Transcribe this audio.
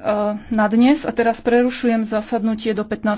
Eh, na dnes a teraz prerušujem zasadnutie do 15.